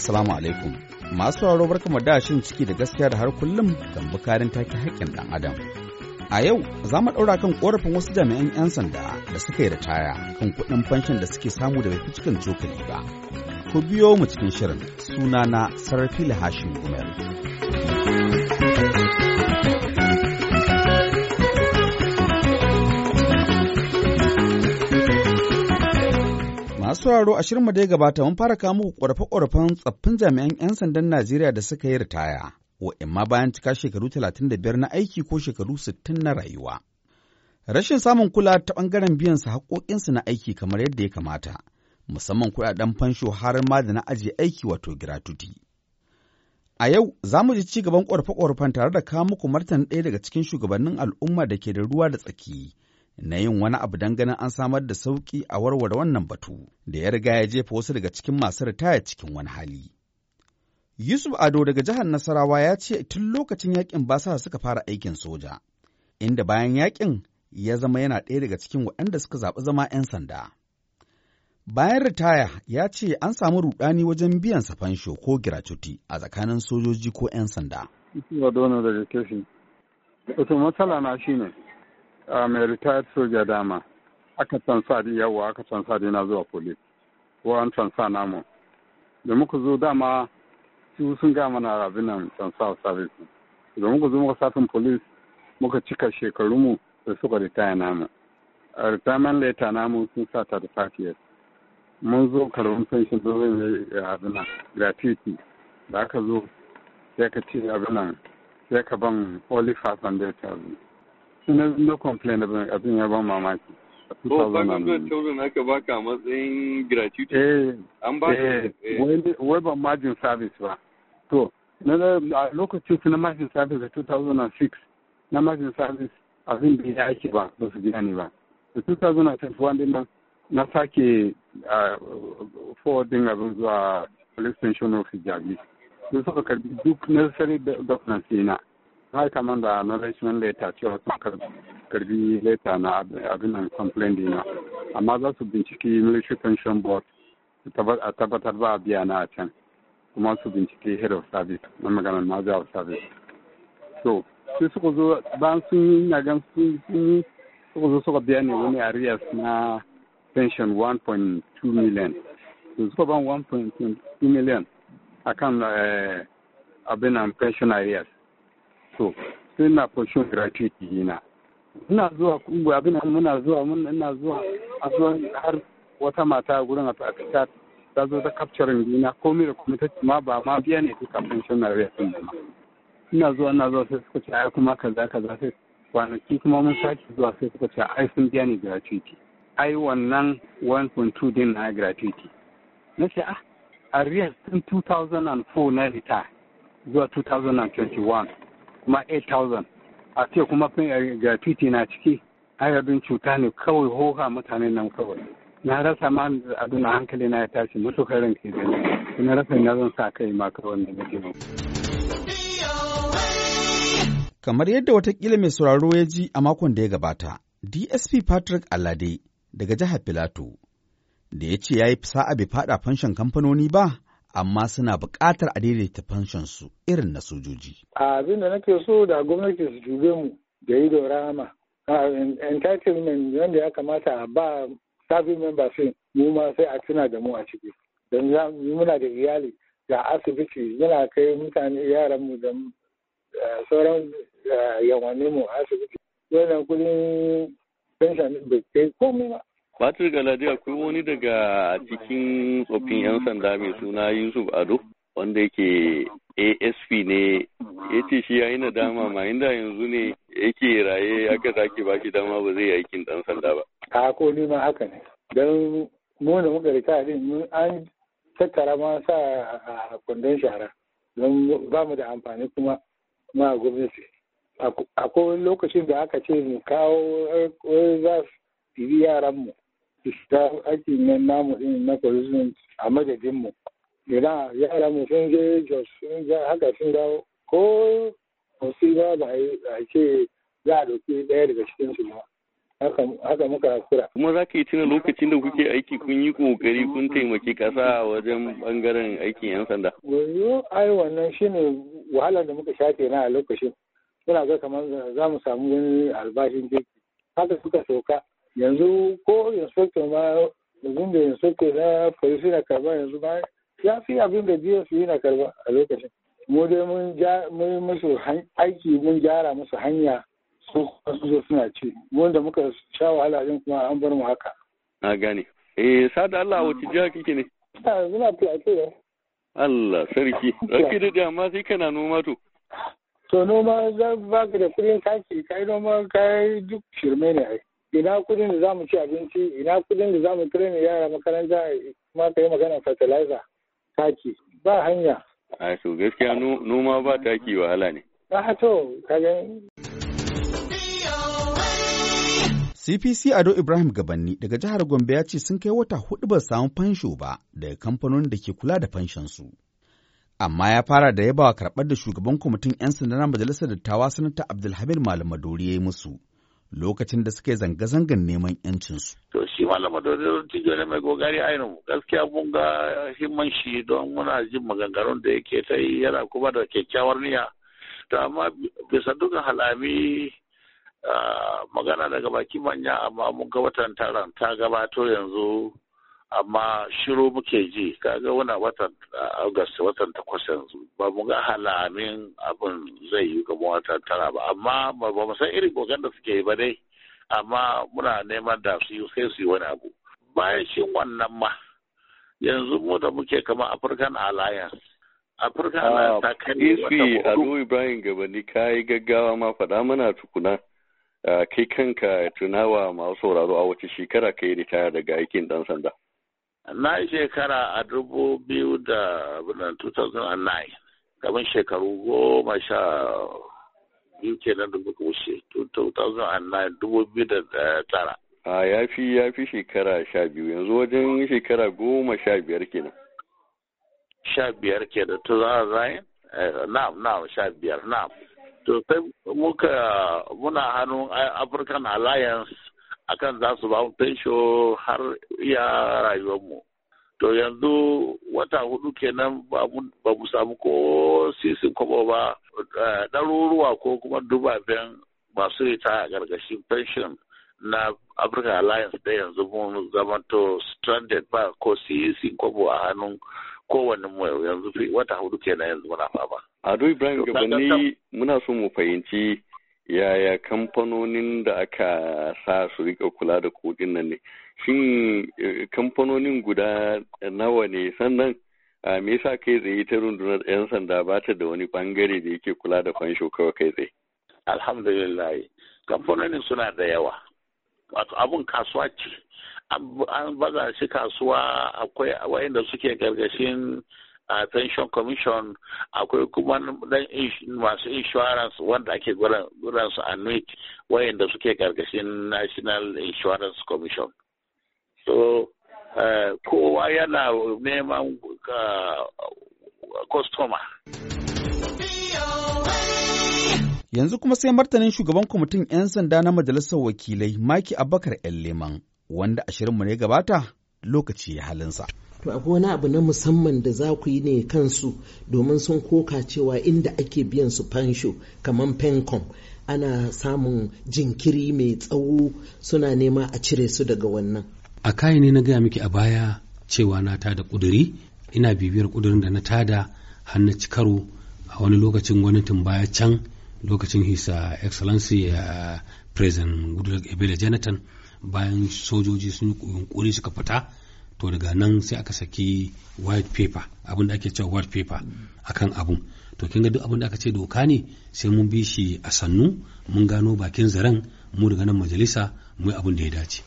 Assalamu alaikum. Masu sauraro barkamu da shin ciki da gaskiya da har kullum kan bukarin take haƙƙin ɗan adam. A yau za mu ɗaura kan ƙorafin wasu jami'an 'yan sanda da suka yi ritaya kan kuɗin fanshin da suke samu da cikin cokali ba. Ku biyo mu cikin shirin sunana Sarfila Hashim Gumel. Masu sauraro a shirin da ya gabata mun fara kawo muku ƙorafe-ƙorafen tsaffin jami'an 'yan sandan Najeriya da suka yi ritaya, wa'imma bayan cika shekaru 35 na aiki ko shekaru 60 na rayuwa. Rashin samun kula ta ɓangaren biyan su haƙoƙinsu na aiki kamar yadda ya kamata, musamman kuɗaɗen fansho har ma da na ajiye aiki wato giratuti. A yau za mu ji ci gaban ƙorafe-ƙorafen tare da kawo muku martani ɗaya daga cikin shugabannin al'umma da ke da ruwa da tsaki na yin wani abu don ganin an samar da sauƙi a warware wannan batu da ya riga ya jefa wasu daga cikin masu ritaya cikin wani hali. Yusuf Ado daga jihar Nasarawa ya ce tun lokacin yakin basa suka fara aikin soja, inda bayan yakin ya zama yana ɗaya daga cikin waɗanda suka zaɓi zama 'yan sanda. Bayan ritaya ya ce an samu rudani wajen biyan sa fansho ko giracuti a tsakanin sojoji ko 'yan sanda. Wato matsala na shi ne, mai retired soja dama aka transfer di yawa aka transfer di na zuwa police wurin transfer namu da muka zo dama su sun gama na abin nan transfer service da muka zo muka safin police muka cika shekarunmu da suka retire namu a retirement later namu sun sa ta da years mun zo karbin pension zo zai eh, abin nan gratuity da aka zo sai ka ci abin nan sai ka ban holy fast and na complain abin ya ban mamaki oh, Ko Faculty Children aka baka matsayin gratuity? Eh, an baka eh, eh. wai ban margin service ba. To, na lokacin su na margin service a 2006, na margin service abin da ya ake ba, ba su biya ni ba. Da 2021 din nan, na sake forwarding abin zuwa police station of Hijabi. Sun suka karbi duk necessary documents na. har kamar da nourishment letter cewa sun karbi leta na abin nan complaint dina amma za su binciki military pension board a tabbatar ba a biya na a can kuma su binciki head of service na maganar maza of service so sai suka zo bayan sun yi na gan sun yi suka zo suka biya ne wani arias na pension 1.2 million su suka ban 1.2 million kan eh, abin nan pension arias so sai na fashon gratuity yana ina zuwa kungu abin muna zuwa mun ina zuwa a zuwa har wata mata gurin a ta ta zo ta capturing dina komai da komai ta ma ba ma biya ne duka pension rate sun ma ina zuwa ina zuwa sai suka ce ai kuma kaza kaza sai kwanaki kuma mun sake zuwa sai suka ce ai sun biya ni gratuity ai wannan 1.2 din na gratuity na ce ah arrears sun 2004 na rita zuwa 2021 ma 8,000 a ce kuma eh, graffiti na ciki hayabin cuta ne kawai hoha mutane nan kawai na rasa ma abin hankali na ya tashi matukarin ke ke na rasa na zan sa kai ma kawai da nake kamar yadda watakila mai sauraro ya ji a makon da ya gabata dsp patrick alade daga jihar filato da ya ce ya yi sa'a bai fada fanshan kamfanoni ba amma suna buƙatar a daidaita fanshonsu irin na sojoji. Abin da nake so da gwamnati su jube mu da ido rama. Entitlement wanda ya kamata a ba service member sai mu ma sai a tuna da mu a ciki. Don muna da iyali da asibiti yana kai mutane yaran mu da eh, sauran eh, yawanni mu asibiti. Wannan kudin pension bai kai komai ba. Batir Galadi akwai wani daga cikin tsoffin 'yan sanda mai suna Yusuf Ado wanda yake ASP ne ya ce shi ya yi nadama ma inda yanzu ne yake raye aka sake ba shi dama ba zai yi aikin ɗan sanda ba. A ko ni ma haka ne. Don mu da muka rita ne an tattara ma sa a kundin shara don ba mu da amfani kuma ma gwamnati. Akwai lokacin da aka ce mu kawo eh, za su yaran mu shiga aikin nan namu din na polisin a madadin mu idan yara mu sun je jos sun ga haka sun dawo ko musiba ba a ce za a ɗauki ɗaya daga cikin su ba haka muka kura. Kuma za ka yi tuna lokacin da kuke aiki kun yi kokari kun taimaki kasa wajen bangaren aikin 'yan sanda. Wayo ai wannan shine wahalar da muka shafe na a lokacin. Muna ga kamar za mu samu wani albashin kirki. Haka suka sauka yanzu ko inspector ma yanzu da inspector na police na karba yanzu ma ya fi abin da dsp na karba a lokacin mu dai mun mun musu aiki mun gyara musu hanya su zo suna ci wanda muka sha wahala din kuma an bar mu haka na gane eh sada Allah wace jiha kike ne ah, muna plateau Allah sarki sarki da dama sai kana noma to to noma za ba ka da kudin taki kai noma kai duk shirme ne ai ina kudin da za mu ci abinci ina kudin da za mu kira yara makaranta ma ka yi magana fertilizer taki ba hanya a so gaskiya noma ba taki wahala ne a to kaga CPC Ado Ibrahim Gabanni daga jihar Gombe ya ce sun kai wata hudu ba samu fansho ba daga kamfanonin da ke kula da fanshonsu. Amma ya fara da yabawa karɓar da shugaban kwamitin 'yan sanda na majalisar dattawa sanata Abdulhamid Malam Maduri ya yi musu. lokacin da suke zanga zangan neman 'yancinsu. To shi malama da tijo ne mai gogari ainihin gaskiya mun ga himman shi don muna jin maganganun da yake ta yi yana kuma da kyakkyawar niyya. To amma bisa duka halami ah, magana daga baki manya amma mun ga watan taron ta gabato yanzu amma shiru muke ji kaga wani watan ah, august watan takwas yanzu ba mu ga halamin abin zai yi ga watan tara ba amma ba mu san irin gogan da suke yi ba dai amma muna neman da su yi sai su yi wani abu bayan shi wannan ma yanzu mu da muke kama african alliance african ah, alliance ta kai wata hudu ibrahim gabani ka yi gaggawa ma faɗa mana tukuna ah, kai kanka tunawa masu sauraro a wace shekara ka yi ritaya daga aikin ɗan sanda na yi shekara a dubu biyu da 2009 kamar shekaru goma sha biyu kenan da muka wuce 2009 dubu biyu da tara a ya fi ya fi shekara sha biyu yanzu wajen shekara goma sha biyar ke nan. sha biyar da tu za a zai na'am na'am sha biyar na'am to sai muka muna hannun african alliance akan za su ba mu fensho har iya rayuwarmu to yanzu wata hudu kenan ba mu samu ko sisin kwabo ba eh, ɗaruruwa ko kuma dubaben masu rita a gargashin pension na africa alliance da yanzu mun zamanto stranded ba ko sisin kwabo a hannun kowane mu yanzu wata hudu kenan yanzu muna fama. Ado Ibrahim Gabani muna so mu fahimci yaya kamfanonin da aka sa su rika kula da kudin nan ne shin eh, kamfanonin guda nawa ne sannan a ah, me yasa kai tsaye ta rundunar 'yan sanda ba ta da wani bangare da yake kula da fansho kawai kai tsaye alhamdulillah kamfanonin suna da yawa wato abun kasuwa ce an baza shi kasuwa akwai wayanda suke gargashin a pension commission akwai kuma dan masu insurance wanda ake guran su annuity wayanda suke karkashin national insurance commission so eh, kowa yana neman eh, customer yanzu kuma sai martanin shugaban kwamitin 'yan sanda na majalisar wakilai maki abakar 'yan leman wanda ashirinmu ne gabata lokaci halinsa. to akwai wani abu na musamman da za ku yi ne kansu domin sun koka cewa inda ake biyan su fansho kamar pencom ana samun jinkiri mai tsawo suna nema a cire su daga wannan a kayi ne na gaya miki a baya cewa na tada kuduri ina bibiyar kudurin da na tada har na a wani lokacin gwamnatin baya can lokacin hisa uh, excellency a uh, president goodluck ebele jonathan bayan sojoji sun yi yunkuri suka fita to daga nan sai aka saki white paper abin da ake cewa white paper akan abun to kin ga duk abin da aka ce doka ne sai mun bi shi a sannu mun gano bakin zaren mu daga nan majalisa mu yi abin da ya dace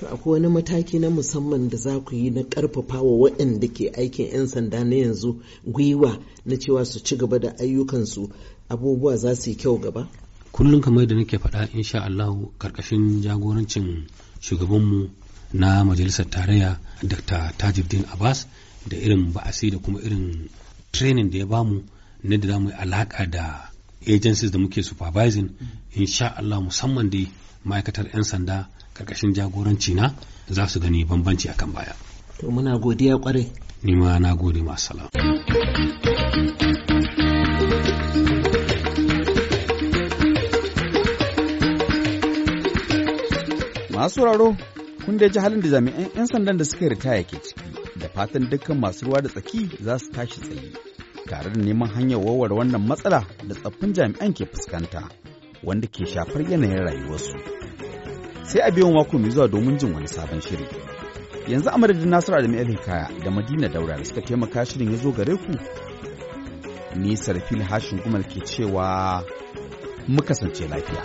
to akwai wani mataki na musamman da za ku yi na karfafa wa waɗanda ke aikin 'yan sanda na yanzu gwiwa na cewa su ci gaba da ayyukansu abubuwa za su yi kyau gaba kullum kamar da nake faɗa insha Allah karkashin jagorancin shugabanmu na majalisar tarayya dr tajuddin abbas da irin ba'asi da kuma irin training da ya bamu na da zamu yi alaka da agencies da muke supervising insha Allah musamman dai ma'aikatar 'yan sanda karkashin jagoranci na za su gani bambanci a kan baya to muna godiya kwarai ni ma na gode ma salam masu raro kun dai ji halin da jami'an 'yan sandan da suka ritaya ke ciki da fatan dukkan masu ruwa da tsaki za su tashi tsaye tare da neman hanyar warware wannan matsala da tsaffin jami'an ke fuskanta wanda ke shafar yanayin rayuwarsu sai a biyan mako mai zuwa domin jin wani sabon shiri yanzu a madadin nasiru adamu hikaya da madina daura da suka taimaka shirin ya zo gare ku ni sarfil hashin gumal ke cewa mu kasance lafiya